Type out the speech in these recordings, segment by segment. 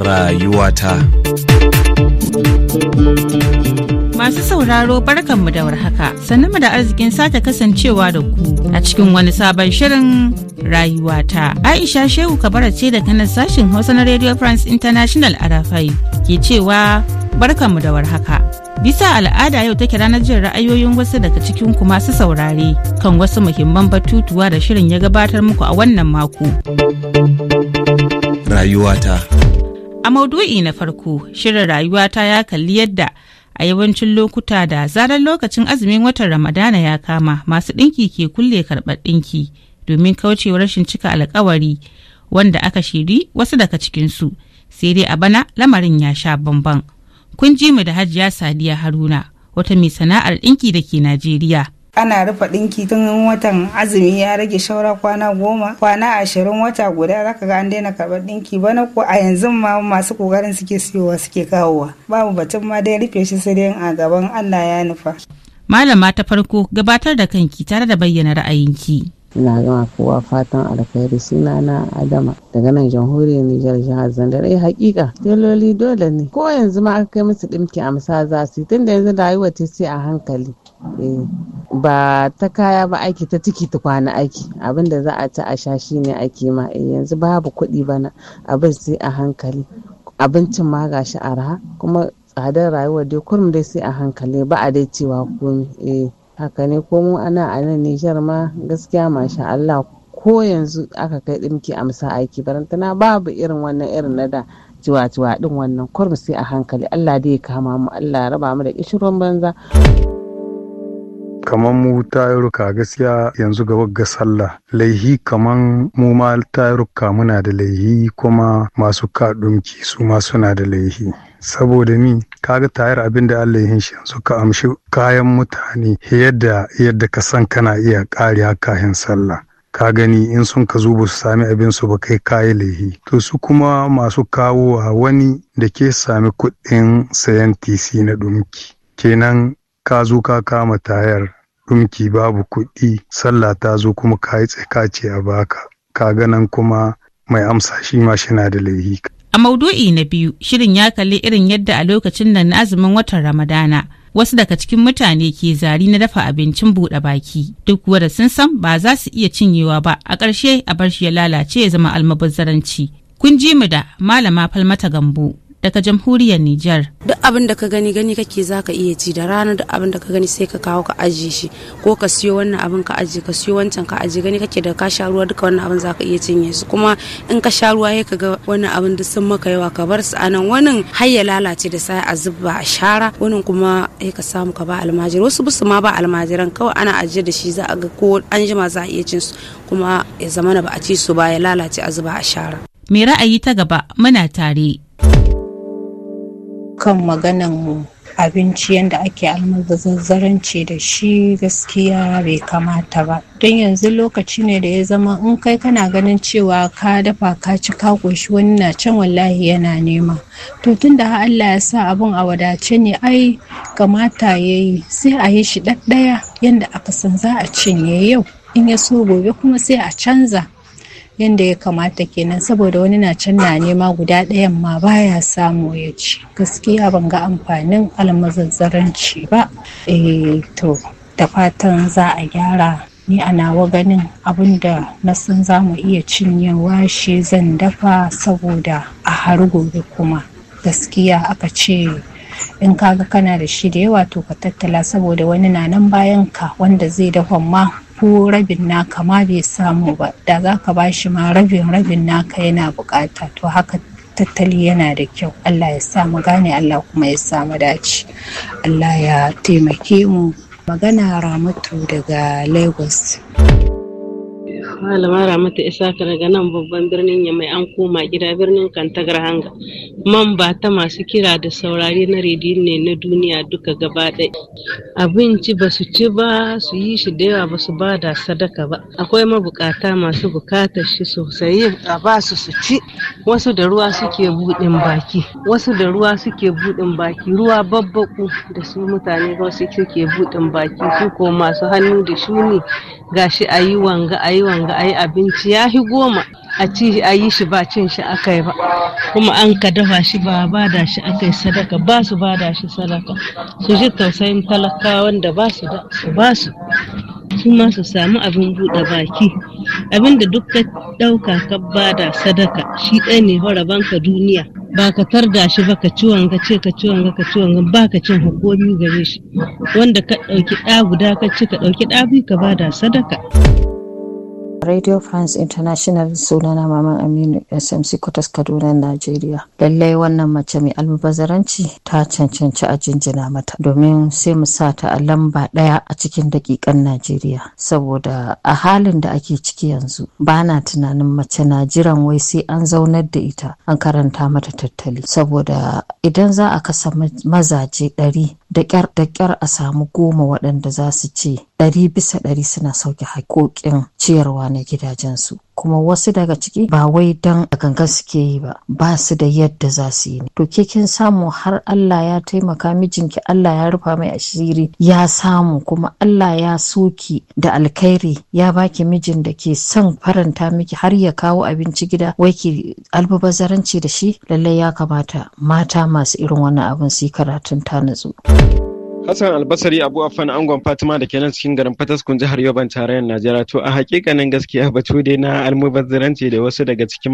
Rayuwata Masu sauraro barkanmu da warhaka sannu da arzikin sake kasancewa da ku a cikin wani sabon shirin rayuwata. Aisha Shehu Kabara ce da nan sashen Hausa na Radio France International a ke cewa barkanmu da warhaka. Bisa al'ada yau take ranar jin ra'ayoyin wasu daga cikin ku masu saurare kan wasu muhimman batutuwa da shirin ya gabatar muku a wannan mako. Rayuwata A maudu'i na farko, shirin rayuwata ya kalli yadda a yawancin lokuta da zarar lokacin azumin watan Ramadana ya kama masu ɗinki ke kulle karɓar ɗinki domin kaucewa rashin cika alkawari wanda aka shiri wasu daga cikinsu. sai dai a bana lamarin ya sha bamban kun ji mu da hajiya sadiya haruna wata mai sana'ar ɗinki da ke najeriya ana rufe ɗinki tun watan azumi ya rage shaura kwana goma kwana ashirin wata guda zaka ga an daina karɓar ɗinki bana ko a yanzu ma masu ƙoƙarin suke siyowa suke kawowa babu batun ma dai rufe shi sai dai a gaban allah ya nufa malama ta farko gabatar da kanki tare da bayyana ra'ayinki ina zama kowa fatan alkhairi suna na adama daga nan jamhuriyar nijar jihar zandar eh hakika daloli dole ne ko yanzu ma aka kai musu dimki amsa za su tunda yanzu rayuwa ce sai a hankali eh, ba ta kaya ba aiki ta ciki ta kwana aiki abin da za a ci a sha shi ne ake ma eh, yanzu babu kuɗi bana abin sai a hankali abincin ma gashi arha kuma tsadar rayuwa dai kurum dai sai a hankali ba a dai cewa komi eh haka ne ko mu ana a nan nijar ma gaskiya masha Allah ko yanzu aka kai a amsa aiki barantana babu irin wannan irin na da jiwa-jiwa ɗin wannan kurmi sai a hankali Allah da ya kama mu Allah ya raba mu da kishiron banza. kaman mu tayaruka gaskiya yanzu ga wagga sallah laihi kaman mu ma tayaruka muna da laihi kuma masu kaɗumki su ma suna da laihi. saboda ni, kaga tayar abin da Allah ya hinshi, yanzu ka amshi kayan mutane yadda yadda ka san kana iya kariya kayan sallah ka gani in sun ka zo ba su sami abin su ba kai kayi laihi to su kuma masu kawowa wani da ke sami kuɗin sayan tc na ɗumki kenan ka zo ka kama tayar ɗumki babu kuɗi sallah ta zo kuma ka yi tsaka ce a baka ka ganan kuma mai amsa shi ma shi na da ka. A maudu'i na biyu, shirin ya kalli irin yadda a lokacin nan na azumin watan Ramadana. Wasu daga cikin mutane ke zari na dafa abincin buɗe baki, duk kuwa sun san ba za su iya cinyewa ba, a ƙarshe a bar shi ya lalace ya zama almabazzaranci Kun ji mu da Malama Falmata Gambo. daga jamhuriyar Nijar. Duk abin da ka gani gani kake za ka iya ci da rana duk abin da ka gani sai ka kawo ka ajiye shi ko ka siyo wannan abin ka ajiye ka siyo wancan ka ajiye gani kake da ka sha ruwa duka wannan abin za ka iya cinye su kuma in ka sha ruwa ka ga wannan abin duk sun maka yawa ka bar su anan wannan har ya lalace da sai a zuba a shara wannan kuma sai ka samu ka ba almajira wasu busu ma ba almajiran kawai ana ajiye da shi za a ga ko an jima za a iya cin su kuma ya zamana ba a ci su ba ya lalace a zuba a shara. Me ra'ayi ta gaba muna tare. kan maganan abinci yadda ake almazazzaranci da shi gaskiya bai kamata ba don yanzu lokaci ne da ya zama in kai kana ganin cewa ka dafa ka ci ka ƙoshi wani na can wallahi yana nema to tun da Allah ya sa abun a wadace ne ai kamata ya yi sai a yi shi ɗaɗɗaya yadda aka san za a cinye yau in ya so gobe kuma sai a canza Yanda ya kamata kenan saboda wani na can na nema guda ɗayan ma baya samu ya ci gaskiya ban ga amfanin almazazzaranci ba eh to da fatan za a gyara ni a nawa ganin abinda na san za mu iya cinyewa shi zan dafa saboda a har gobe kuma gaskiya aka ce in kaga kana da shi da yawa to ka tattala saboda wani na nan bayan ka wanda zai dafa ma ko rabin naka ma bai samu ba da za ka ba shi ma rabin rabin naka yana bukata to haka tattali yana da kyau allah ya samu gane allah kuma ya samu dace allah ya taimake mu magana ramatu daga lagos Malama Ramatu Isaka daga nan babban birnin ya mai an koma gida birnin kan Hanga. Man ba ta masu kira da saurari na rediyo ne na duniya duka gaba ɗaya. Abinci ba su ci ba su yi shi da yawa ba su ba da sadaka ba. Akwai mabukata masu bukatar shi sosai a ba su su ci. Wasu da ruwa suke buɗin baki. Wasu da ruwa suke buɗin baki. Ruwa babbaku da su mutane ba suke buɗin baki su ko masu hannu da shuni gashi a yi wanga a yi wanga a yi abinci ya hi goma a ci a yi shi ba cin shi aka yi ba kuma an ka dafa shi ba ba da shi aka yi sadaka ba su ba da shi sadaka su ji tausayin talakawa wanda ba su da su ba su su ma su samu abin buɗe baki abin da duk ka ɗauka ka ba da sadaka shi ɗaya ne banka duniya ba ka tarda shi ba ka ciwon ga ce ka ciwon ga ka ciwon ga ba ka cin hukumi gare shi wanda ka ɗauki ɗa guda ka ci ka ɗauki ɗa biyu ka bada sadaka. Radio France International sunana Maman Aminu SMC Kwatas Kaduna Najeriya. Lallai wannan mace mai almubazaranci ta cancanci a jinjina mata domin sai mu sa ta a lamba ɗaya a cikin dakikan Najeriya saboda a halin da ake ciki yanzu ba na tunanin mace na jiran wai sai an zaunar da ita an karanta mata tattali saboda idan za a kasa mazaje ɗari da ƙyar da ƙyar a samu goma waɗanda za su ce ɗari bisa ɗari suna sauke haƙoƙin ciyarwa na gidajensu kuma wasu daga ciki ba wai don gangan suke yi ba ba su da yadda za su yi to ke kin samu har Allah ya taimaka mijinki Allah ya rufa mai asiri ya samu kuma Allah ya soki da alkhairi ya baki mijin da ke son faranta miki har ya kawo abinci gida wai ki albabazaranci da shi lallai ya kamata mata masu irin wannan abin su karatun ta natsu. Hassan Albasari Abu Affan Angon Fatima da kenan cikin garin Fataskun jihar Yoban tarayyar Najeriya to a hakikanin gaskiya batu dai na almubazzaranci da wasu daga cikin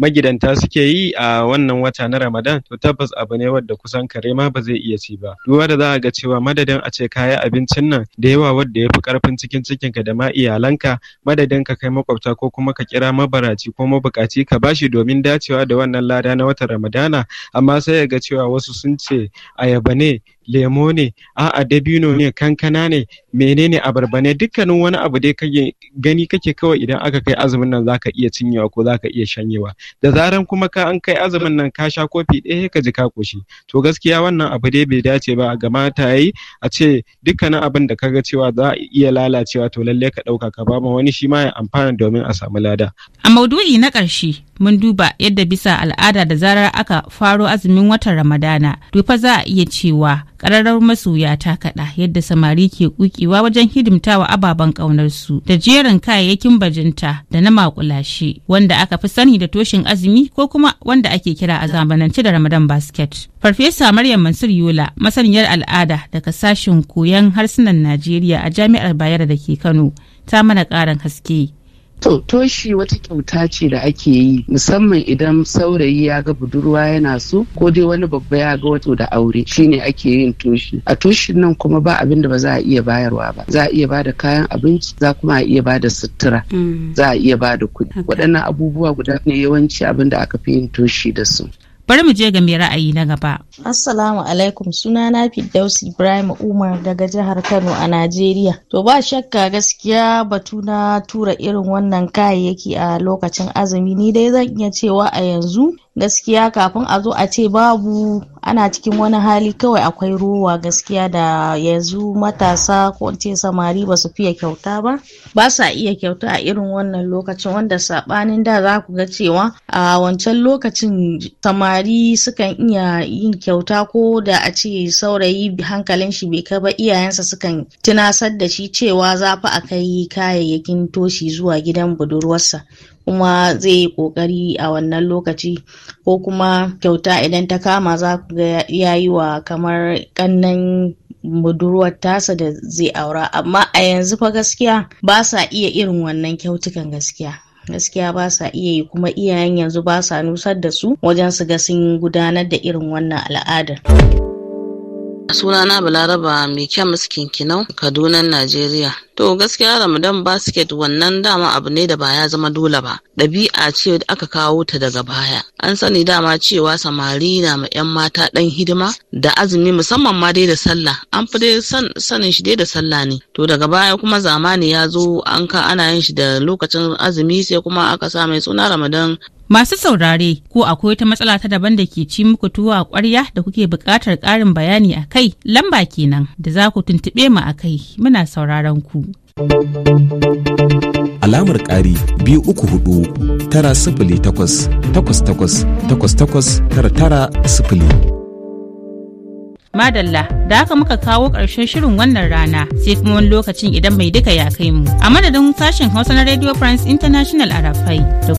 magidanta suke yi a wannan wata na Ramadan to tabbas abu ne wadda kusan kare ma ba zai iya ci ba. duwa da za a ga cewa madadin a ce kaya abincin nan da yawa wanda yafi karfin cikin cikin ka da ma iyalanka madadin ka kai makwabta ko kuma ka kira mabaraci ko mabukaci ka bashi domin dacewa da wannan lada na watan Ramadana amma sai ya ga cewa wasu sun ce ayaba ne lemo ne a'a dabino ne kankana ne menene abarba ne dukkanin wani abu dai kake gani kake kawai idan aka kai azumin nan zaka iya cinyewa ko zaka iya shanyewa da zaran kuma ka an kai azumin nan ka sha kofi ɗaya ka ji ka koshi to gaskiya wannan abu dai bai dace ba ga mata yayi a ce dukkanin abin da kaga cewa za a iya lalacewa to lalle ka ɗauka ka ba ma wani shi ma ya amfana domin a samu lada. A maudu'i na ƙarshe mun duba yadda bisa al'ada da zarar aka faro azumin watan Ramadana dufa za a iya cewa ƙararrawar masoya ta kaɗa yadda samari ke ƙuƙewa wajen hidimtawa ababen ƙaunarsu da jerin kayayyakin bajinta da na makulashe wanda aka fi sani da toshin azumi ko kuma wanda ake kira a zamanance da ramadan basket. Farfesa Maryam Mansur Yola masaniyar al'ada daga sashen koyon harsunan Najeriya a jami'ar Bayero da ke Kano ta mana ƙarin haske. To, toshi wata kyauta ce da ake yi musamman idan saurayi ya ga budurwa yana so ko dai wani babba ya ga wato da aure shine ake yin toshi. A toshin nan kuma ba abin da ba za a iya bayarwa ba. Za a iya bada kayan abinci, za kuma a iya bada sutura, mm. za a iya bada kuɗi. Waɗannan abubuwa guda ne yawanci abin da aka fi yin toshi da su. Bari mu je ga mai ra'ayi na gaba. Assalamu alaikum suna na Firdausi Ibrahim Umar daga jihar Kano a Najeriya. To ba shakka gaskiya batu na tura irin wannan kayayyaki a lokacin azumi ni dai zan iya cewa a yanzu gaskiya kafin a zo a ce babu ana cikin wani hali kawai akwai rowa gaskiya da yanzu matasa ko ce samari ba su fiye kyauta ba ba sa iya kyauta a irin wannan lokacin wanda sabanin da za ku ga cewa a wancan lokacin samari sukan iya yin kyauta ko da a ce saurayi hankalin shi bai kai ba iyayensa sukan tunasar da shi cewa za fa a kai kayayyakin toshi zuwa gidan budurwarsa kuma zai yi kokari a wannan lokaci ko kuma kyauta idan ta kama za ku ga ya yi wa kamar kannan budurwar tasa da zai aura amma a yanzu fa gaskiya ba sa iya irin wannan kyautukan gaskiya gaskiya ba sa iya yi kuma iyayen yanzu ba sa nusar da su wajen su ga sun gudanar da irin wannan al'adar. sunana balaraba mai kyamis kinkinau kadunan najeriya to gaskiya ramadan basket wannan dama abu ne da ba ya zama dole ba ɗabi'a ce da aka kawo ta daga baya an sani dama cewa samari na ma 'yan mata ɗan hidima da azumi musamman ma dai da sallah an fi dai sanin shi dai da sallah ne to daga baya kuma zamani ya zo an ka ana yin shi da lokacin azumi sai kuma aka sa mai suna ramadan Masu saurare ko akwai wata matsala ta daban da ke ci muku tuwo a ƙwarya da kuke buƙatar ƙarin bayani a kai lamba kenan da za ku tuntuɓe mu a kai muna sauraron ku. Alamar ƙari biyu uku hudu tara sifili takwas takwas takwas takwas takwas tara tara sifili. Madalla da haka muka kawo ƙarshen shirin wannan rana sai kuma wani lokacin idan mai duka ya kai mu. A madadin sashen Hausa na Radio France International a Rafai